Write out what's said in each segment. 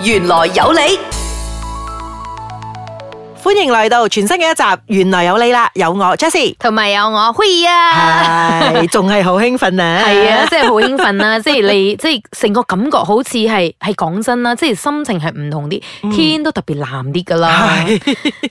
玄來有理。歡迎嚟到全新嘅一集，原來有你啦，有我 Jesse 同埋有我 Hui 啊，係仲係好興奮啊，係、就是、啊，真係好興奮啊，即係你，即係成個感覺好似係係講真啦，即、就、係、是、心情係唔同啲、嗯，天都特別藍啲噶啦，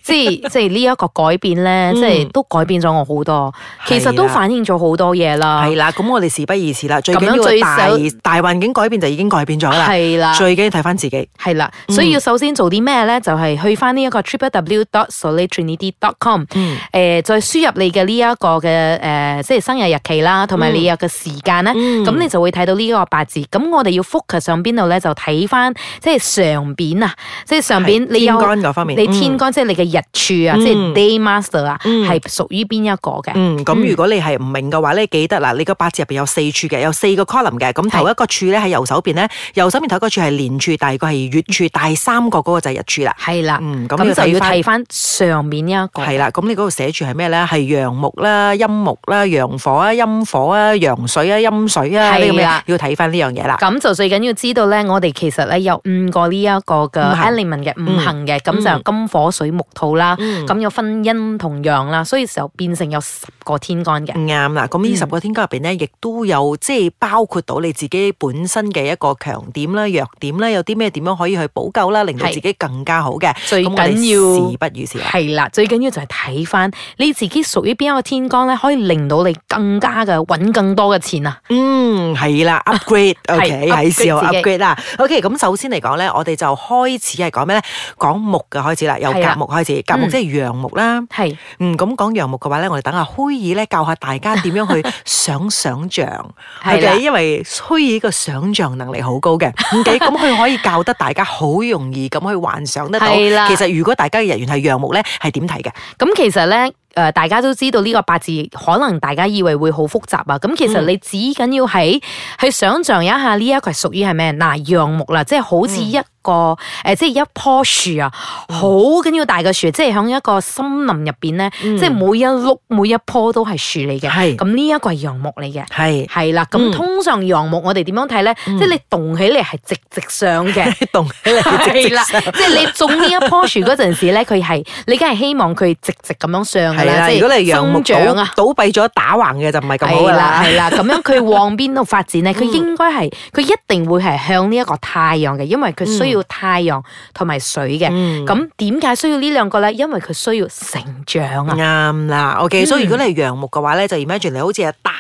即係即係呢一個改變咧，即、就、係、是、都改變咗我好多、嗯，其實都反映咗好多嘢啦，係啦、啊，咁我哋事不宜遲啦，最緊要的大大環境改變就已經改變咗啦，係啦、啊，最緊要睇翻自己，係啦、啊，所以要、嗯、首先要做啲咩咧，就係、是、去翻呢一個 Triple W。dotsolitrenity.com，誒、嗯、再輸入你嘅呢一個嘅誒、呃，即係生日日期啦，同、嗯、埋你有嘅時間咧，咁、嗯、你就會睇到呢個八字。咁、嗯、我哋要 focus 上邊度咧，就睇翻即係上邊啊，即係上邊你有天干嗰方面，你天干、嗯、即係你嘅日柱啊、嗯，即係 day master 啊、嗯，係屬於邊一個嘅？咁、嗯、如果你係唔明嘅話咧，記得嗱，你個八字入邊有四處嘅，有四個 column 嘅。咁頭一個柱咧喺右手邊咧，右手邊頭一個柱係年柱，第二個係月柱，第三個嗰個就係日柱係啦。係、嗯、啦，咁就要睇翻。上面一個係啦，咁你嗰度寫住係咩咧？係陽木啦、陰木啦、陽火啊、陰火啊、陽水啊、陰水啊係啦，要睇翻呢樣嘢啦。咁就最緊要知道咧，我哋其實咧有五個呢一個嘅 element 嘅五行嘅，咁就金、火、水、木、土啦。咁有分陰同陽啦，所以就變成有十個天干嘅。啱啦，咁呢十個天干入邊咧，亦都有即係包括到你自己本身嘅一個強點啦、弱點啦，有啲咩點樣可以去補救啦，令到自己更加好嘅。最緊要。係啦、啊，最緊要就係睇翻你自己屬於邊一個天干，咧，可以令到你更加嘅揾更多嘅錢啊！嗯，係啦，upgrade，OK，係笑 upgrade、okay, 啦。OK，咁首先嚟講咧，我哋就開始係講咩咧？講木嘅開始啦，由甲木開始，甲木即係陽木啦。係，嗯，咁講陽木嘅話咧，我哋等下虛擬咧教下大家點樣去想想象，係 okay? 因為虛擬嘅想象能力好高嘅，咁 佢可以教得大家好容易咁去幻想得到。啦， 其實如果大家嘅人。係羊目咧，係點睇嘅？咁其實咧。誒、呃，大家都知道呢個八字，可能大家以為會好複雜啊。咁其實你只緊要喺去、嗯、想像一下呢一個屬於係咩？嗱、啊，陽木啦，即、就、係、是、好似一個誒，即、嗯、係、呃就是、一棵樹啊，好、哦、緊要大嘅樹，即係喺一個森林入邊咧，即、嗯、係、就是、每一碌每一棵都係樹嚟嘅。咁呢一個係陽木嚟嘅。係。係啦。咁通常陽木我哋點樣睇咧？即、嗯、係、就是、你棟起嚟係直直上嘅。棟。 係啦。即 係你種呢一棵樹嗰陣時咧，佢 係你梗係希望佢直直咁樣上嘅。啊、如果你係陽木長、啊、倒，倒閉咗打橫嘅就唔係咁好啦。啦、啊，係啦、啊，咁樣佢往邊度發展咧？佢 應該係佢一定會係向呢一個太陽嘅，因為佢需要太陽同埋水嘅。咁點解需要呢兩個咧？因為佢需要成長啊。啱、嗯、啦、嗯、，OK。所以如果你係陽木嘅話咧、嗯，就 imagine 你好似係大。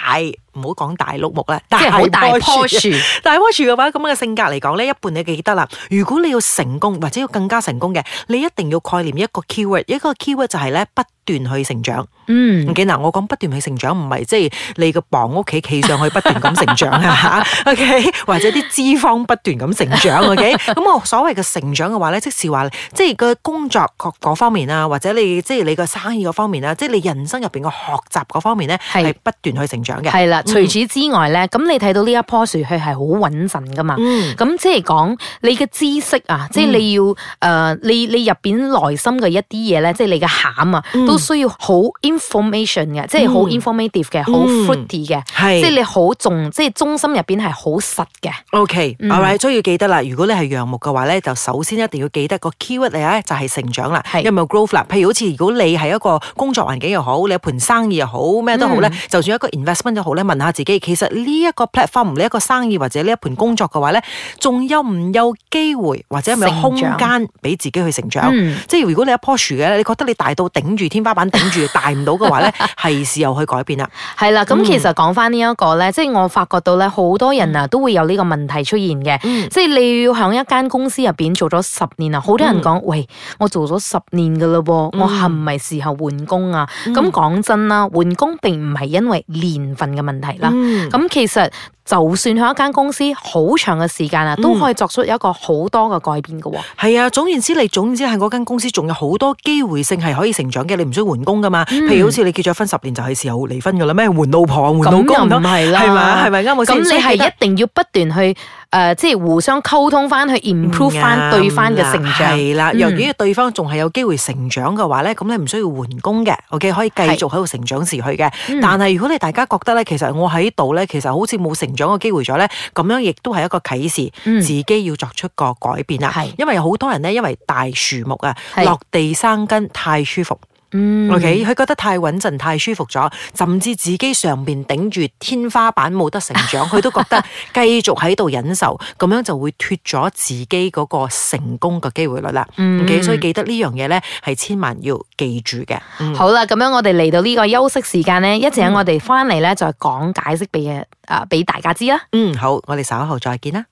唔好講大碌木啦，即係好大棵樹。 大棵樹嘅話，咁嘅性格嚟講咧，一半你記得啦。如果你要成功或者要更加成功嘅，你一定要概念一個 keyword，一個 keyword 就係咧不斷去成長。嗯。OK，嗱，我講不斷去成長，唔係即係你個房屋企企上去不斷咁成長啊嚇。 OK，或者啲脂肪不斷咁成長。OK，咁 我所謂嘅成長嘅話咧，即是話即係個工作各方面啊，或者你即係、就是、你個生意嗰方面啦，即、就、係、是、你人生入邊個學習嗰方面咧，係不斷去成長嘅。係啦。嗯、除此之外咧，咁你睇到呢一棵樹，佢係好穩陣噶嘛？咁、嗯、即係講你嘅知識啊，嗯、即係你要誒、呃、你你入邊內心嘅一啲嘢咧，嗯、即係你嘅餡啊，嗯、都需要好 information 嘅、嗯嗯嗯，即係好 informative 嘅，好 fruity 嘅，即係你好重，即係中心入邊係好實嘅。O、okay, K，all right，、嗯、所以要記得啦，如果你係陽木嘅話咧，就首先一定要記得個 key word 嚟，就係成長啦，有冇 growth 啦。譬如好似如果你係一個工作環境又好，你有盤生意又好，咩都好咧，嗯、就算一個 investment 又好咧，諗下自己，其實呢一個 platform、呢、這、一個生意或者呢一盤工作嘅話咧，仲有唔有機會或者有唔有空間俾自己去成長？嗯、即係如果你一樖樹嘅你覺得你大到頂住天花板頂住，大唔到嘅話咧，係 時候去改變啦。係啦，咁其實講翻呢一個咧，即、嗯、係我發覺到咧，好多人啊都會有呢個問題出現嘅。即、嗯、係、就是、你要響一間公司入邊做咗十年啊，好多人講、嗯：喂，我做咗十年噶啦噃，我係唔係時候換工啊？咁、嗯、講真啦，換工並唔係因為年份嘅問題。係、嗯、啦，咁其實。就算喺一間公司好長嘅時間啊，都可以作出一個好多嘅改變噶喎、哦。係、嗯、啊，總言之你，你總之係嗰間公司仲有好多機會性係可以成長嘅，你唔需要換工噶嘛、嗯。譬如好似你結咗婚十年就係時候離婚噶啦咩？換老婆、換老公咯，係咪啊？係咪啱我先？咁你係一,一定要不斷去誒、呃，即係互相溝通翻去 improve 翻、嗯啊、對方嘅成長。係、嗯、啦，若果、啊、對方仲係有機會成長嘅話咧，咁、嗯、你唔需要換工嘅，ok 可以繼續喺度成長時去嘅、嗯。但係如果你大家覺得咧，其實我喺度咧，其實好似冇成。長個機會咗咧，咁樣亦都係一個啟示，嗯，自己要作出個改變啦。係，因為有好多人咧，因為大樹木啊，落地生根，太舒服。嗯，OK，佢覺得太穩陣太舒服咗，甚至自己上邊頂住天花板冇得成長，佢都覺得繼續喺度忍受，咁 樣就會脫咗自己嗰個成功嘅機會率啦。嗯，OK，所以記得呢樣嘢咧係千萬要記住嘅、嗯。好啦，咁樣我哋嚟到呢個休息時間咧，一陣我哋翻嚟咧再講解釋俾啊，俾、嗯呃、大家知啦。嗯，好，我哋稍後再見啦。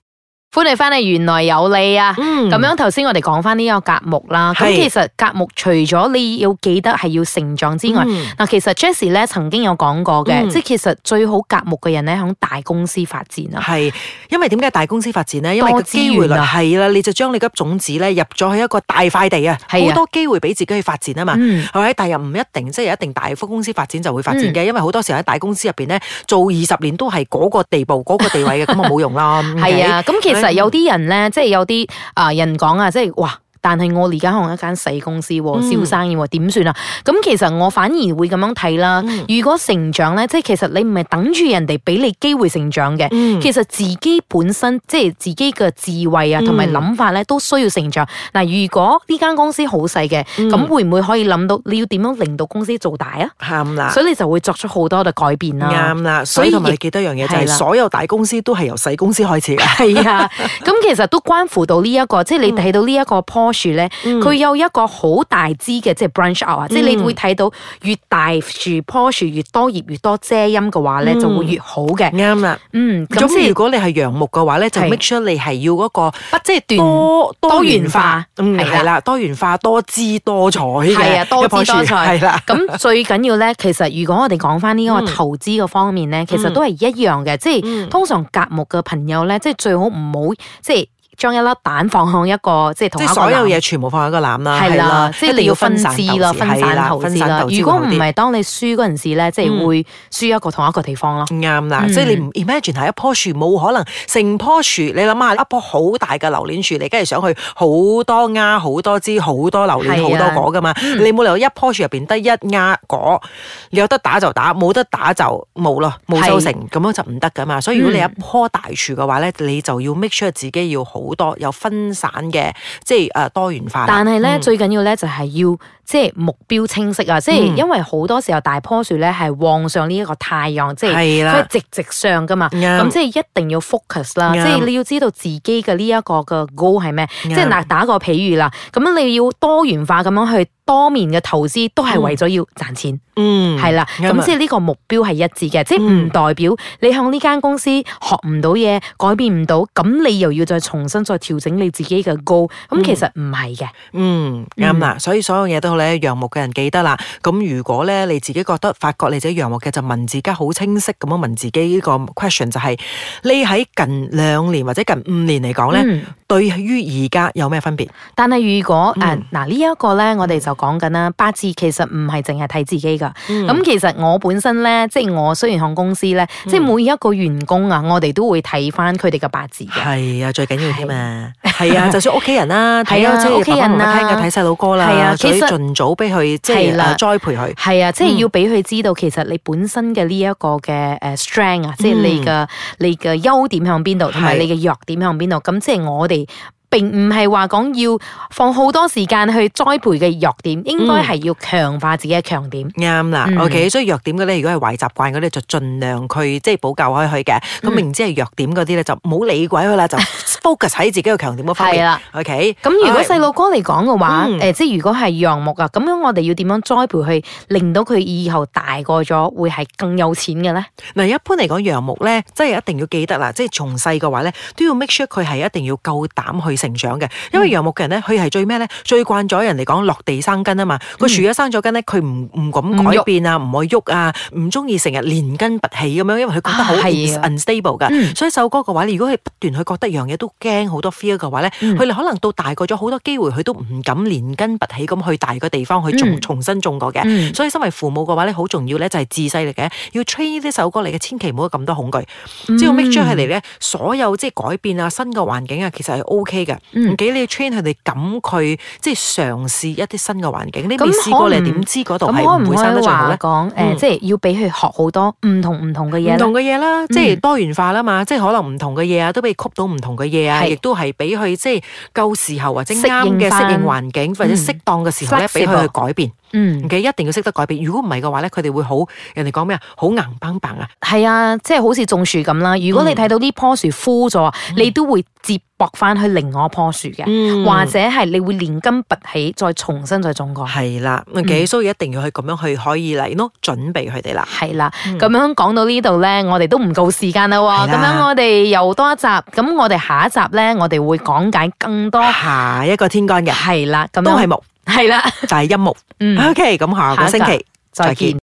歡迎翻嚟，玄來有理啊！咁、嗯、樣頭先我哋講翻呢個夾木啦，咁其實夾木除咗你要記得係要成長之外，嗱、嗯，其實 Jesse 咧曾經有講過嘅、嗯，即係其實最好夾木嘅人咧響大公司發展啊，係，因為點解大公司發展呢？因為個機會率係啦、啊，你就將你嘅種子咧入咗去一個大塊地啊，好多機會俾自己去發展啊嘛，咪、嗯？但又唔一定，即係一定大幅公司發展就會發展嘅、嗯，因為好多時候喺大公司入邊咧做二十年都係嗰個地步、嗰、嗰個地位嘅，咁啊冇用啦，係 啊，咁其實。有啲人咧，即係有啲啊人講啊，即係哇！但係我而家喺一間細公司喎，小生意喎，點算啊？咁其實我反而會咁樣睇啦、嗯。如果成長咧，即係其實你唔係等住人哋俾你機會成長嘅、嗯，其實自己本身即係自己嘅智慧啊同埋諗法咧都需要成長。嗱，如果呢間公司好細嘅，咁、嗯、會唔會可以諗到你要點樣令到公司做大啊？啱、嗯、啦，所以你就會作出好多嘅改變啦。啱、嗯、啦，所以同埋幾多樣嘢就係、是、所有大公司都係由細公司開始的。係啊，咁 其實都關乎到呢、這、一個，嗯、即係你睇到呢一個樹、嗯、咧，佢有一個好大支嘅、就是嗯，即係 branch out 啊！即係你會睇到越大樹棵樹越多葉越多遮陰嘅話咧、嗯，就會越好嘅。啱啦，嗯，咁、就是、如果你係陽木嘅話咧，就 make sure 你係要嗰個，即係多多元化，係啦，多元化多姿多彩係啊，多姿多彩，係啦。咁 最緊要咧，其實如果我哋講翻呢個投資個方面咧、嗯，其實都係一樣嘅、嗯，即係通常甲木嘅朋友咧，即係最好唔好即係。將一粒蛋放向一個，即係同所有嘢全部放喺個籃啦。係啦，即係你要分散咯，分散投資。如果唔係，當你輸嗰陣時咧，即係會輸一個同一個地方咯。啱啦、嗯，即係你唔 imagine 係一棵樹，冇可能成棵樹。你諗下一棵好大嘅榴蓮樹，你梗係想去好多丫好多枝好多榴蓮好多，多果噶嘛。嗯、你冇理由一棵樹入邊得一丫果，你有得打就打，冇得打就冇咯，冇收成咁樣就唔得噶嘛。所以如果你一棵大樹嘅話咧，你就要 make sure 自己要好。好多有分散嘅，即係誒、呃、多元化。但係咧、嗯，最緊要咧就係要。即係目標清晰啊！即係因為好多時候大棵樹咧係望上呢一個太陽，嗯，即係係啦，即係直直上噶嘛。咁、嗯、即係一定要 focus 啦，嗯、即係你要知道自己嘅呢、嗯、一個嘅 goal 係咩。即係嗱，打個譬如啦，咁你要多元化咁樣去多面嘅投資，都係為咗要賺錢。嗯，係、嗯、啦。咁、嗯、即係呢個目標係一致嘅、嗯，即係唔代表你向呢間公司學唔到嘢，改變唔到，咁你又要再重新再調整你自己嘅 goal，咁其實唔係嘅。嗯，啱、嗯、啦、嗯嗯。所以所有嘢都。咧，陽木嘅人記得啦。咁如果咧，你自己覺得發覺你自己陽木嘅，就問自己好清晰咁樣問自己呢個 question 就係、是：你喺近兩年或者近五年嚟講咧、嗯，對於而家有咩分別？但係如果誒嗱呢一個咧，我哋就講緊啦，八字其實唔係淨係睇自己噶。咁、嗯、其實我本身咧，即係我雖然喺公司咧、嗯，即係每一個員工啊，我哋都會睇翻佢哋嘅八字的。係啊，最緊要添啊！係 啊，就算屋企人啦，係啊，屋企人啊，睇細佬哥啦，係啊，早俾佢，即係、啊、栽培佢，係啊，即係要俾佢知道、嗯，其實你本身嘅呢一個嘅誒 strength 啊，即係你嘅你嘅優點向邊度，同埋你嘅弱點向邊度。咁即係我哋並唔係話講要放好多時間去栽培嘅弱點，應該係要強化自己嘅強點。啱、嗯、啦、嗯，OK。所以弱點嘅咧，如果係壞習慣嘅，你就盡量去即係補救開佢嘅。咁、嗯、明知係弱點嗰啲咧，就唔好理鬼佢啦，就。focus 喺自己嘅強點方面。OK 咁如果細路哥嚟講嘅話，即、嗯、係如果係陽木啊，咁樣我哋要點樣栽培去令到佢以後大個咗會係更有錢嘅咧？嗱，一般嚟講，陽木咧，即係一定要記得啦，即係從細嘅話咧，都要 make sure 佢係一定要夠膽去成長嘅、嗯，因為陽木嘅人咧，佢係最咩咧？最慣咗人嚟講落地生根啊嘛，個樹嘅生咗根咧，佢唔唔敢改變啊，唔可以喐啊，唔中意成日連根拔起咁樣，因為佢覺得好係 unstable 㗎。所以首歌嘅話，如果佢不斷去覺得樣嘢都驚好多 fear 嘅話咧，佢、嗯、哋可能到大個咗好多機會，佢都唔敢連根拔起咁去大個地方去種重,、嗯、重新種過嘅、嗯。所以身為父母嘅話咧，好重要咧就係自細力嘅，要 train 呢首歌嚟嘅，千祈唔好咁多恐懼、嗯，即係 make 出嚟哋咧所有即係改變啊新嘅環境啊，其實係 OK 嘅，唔俾你 train 佢哋敢佢即係嘗試一啲新嘅環境。嗯、你未試過、嗯、你點知嗰度係唔會生得最好咧？咁、嗯、講、嗯，即係要俾佢學好多唔同唔同嘅嘢，唔同嘅嘢啦，即係多元化啦嘛，嗯、即係可能唔同嘅嘢啊，都俾佢 c 到唔同嘅嘢。係，亦都係俾佢即係夠時候或者啱嘅適應環境，或者適當嘅時候咧，嗯，俾佢去改變。嗯，嘅，一定要識得改變，如果唔係嘅話咧，佢哋會好人哋講咩啊？好硬邦邦啊！係啊，即係好似種樹咁啦。如果你睇到啲樖樹枯咗、嗯，你都會接駁翻去另外一樖樹嘅、嗯，或者係你會連根拔起，再重新再種過。係、嗯、啦、啊嗯，所以一定要去咁樣去可以嚟咯，準備佢哋啦。係啦、啊，咁、嗯、樣講到呢度咧，我哋都唔夠時間啦。咁、啊、樣我哋又多一集，咁我哋下一集咧，我哋會講解更多下一個天干嘅係啦，咁、啊、都係木。係啦，就係音樂。 嗯，OK，咁下個星期再見。再見。